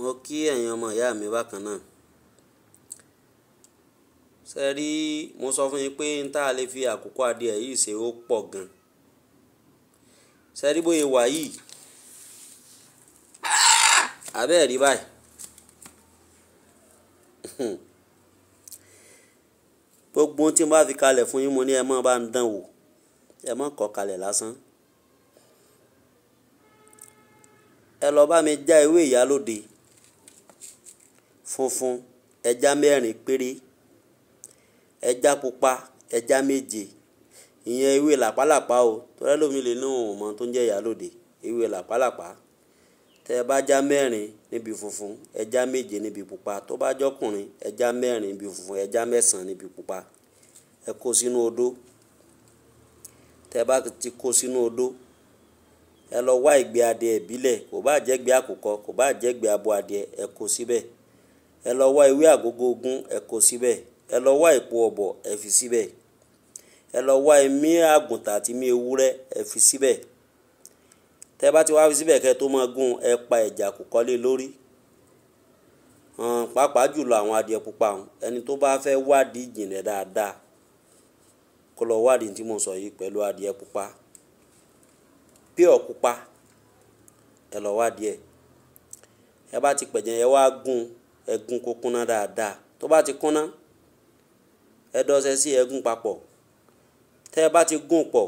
Mo kí ẹ̀yin ọmọ ìyá mi bákan náà. Ṣé ẹ rí? Mo sọ fún yín pé n ta lè fi àkókò adìẹ yìí ṣe ó pọ̀ gan. Ṣé ẹ rí bóye wà yìí? Àbẹ́ ẹ rí báyìí? Gbogbo ohun tí mo bá fi kalẹ̀ fún yín, mo ní ẹ má bá ń dán wò, ẹ má kọ̀ kalẹ̀ lásán. Ẹ lọ bá mi já ewé ìyá funfun ẹja mẹ́rin péré ẹja pupa ẹja méje ìyẹn ewé làpálàpá o torí ẹlòmíì lè ní òun mọ tó ń jẹ́ ìyálòde ewé làpálàpá tẹ ẹ bá já mẹ́rin níbi funfun ẹja méje níbi pupa tó bá jọkùnrin ẹja mẹ́rin níbi funfun ẹja mẹ́sàn-án níbi pupa ẹ kó sínú odó tẹ ẹ bá ti kó sínú odó ẹ lọ wá ìgbẹ́ adìẹ ìbílẹ̀ kò bá jẹ́ gbẹ́ àkùkọ kò bá jẹ́ gbẹ́ abo adìẹ ẹ kó síbẹ̀. Si ẹ lọ wá ewé àgógó ogún ẹ kó síbẹ̀ ẹ lọ wá èpo ọ̀bọ̀ ẹ fi síbẹ̀ ẹ lọ wá ẹmí àgùntàn àti ẹmí ewúrẹ́ ẹ fi síbẹ̀ tẹ bá ti wá fi síbẹ̀ kẹ́ tó máa gún ẹ pa ẹ̀jà kò kọ́lé lórí pàápàá jùlọ àwọn adìẹ pupa ẹni tó bá fẹ́ wádìí ìjìnlẹ̀ dáadáa kó lọ wádìí tí mo sọ yìí pẹ̀lú adìẹ pupa pure pupa ẹ lọ wádìí ẹ ẹ bá ti pẹ̀jẹ̀ yẹn wá gún un ẹ gún dáadáa tó bá ti kúnná ẹ sí ẹ papọ̀ tẹ́ ẹ bá ti gún pọ̀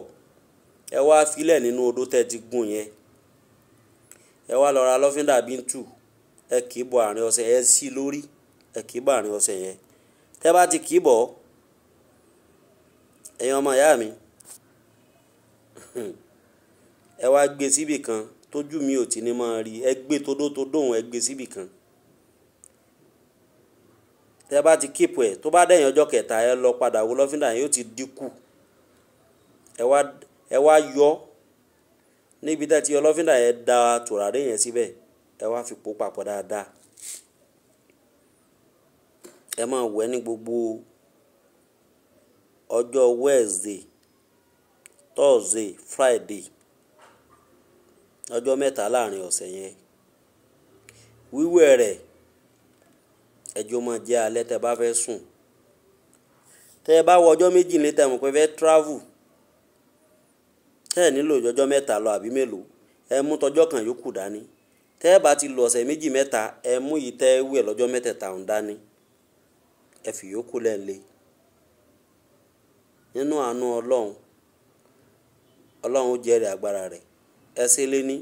ẹ wá filẹ̀ nínú odó tẹ́ ẹ ti gún yẹn ẹ wá lọ ra lọ́fíńdà bíntù ẹ àárín ẹ sí lórí ẹ ti bọ̀ ẹ̀yin mi ẹ wá gbé síbì kan tójú mi ò ti ní máa rí ẹ gbé todótodó òun ẹ gbé síbì kan. tẹ bá ti kíìpù ẹ tó bá dẹ̀yìn ọjọ́ kẹta ẹ lọ padà wo lọ́fíńdà yóò ti dínkù ẹ wá ẹ wá yọ níbi tẹ́ ti yọ lọ́fíńdà yẹn da tùràrí yẹn síbẹ̀ ẹ wá fi pò papọ̀ dáadáa ẹ máa wẹ̀ ní gbogbo ọjọ́ wednesday thursday friday ọjọ́ mẹ́ta láàrin ọ̀sẹ̀ yẹn wíwẹ̀ rẹ̀ ẹjọ́ mọ̀ jẹ́ alẹ́ tẹ́ bá fẹ́ sùn tẹ́ bá wọ ọjọ́ méjì nílé tẹ́ mọ̀ pé fẹ́ travel tẹ́ nílò ọjọ́ mẹ́ta lọ àbí mélòó ẹ mú tọjọ́ kan yòókù dání tẹ́ bá ti lọ ọ̀sẹ̀ méjì mẹ́ta ẹ mú yìí tẹ́ wẹ̀ lọ́jọ́ mẹ́tẹ̀ẹ̀ta ọ̀hún dání ẹ fi yòókù lẹ́ǹlẹ́ nínú àánú ọlọ́run ọlọ́run ó jẹ́rìí agbára rẹ̀ ẹ ṣe ní.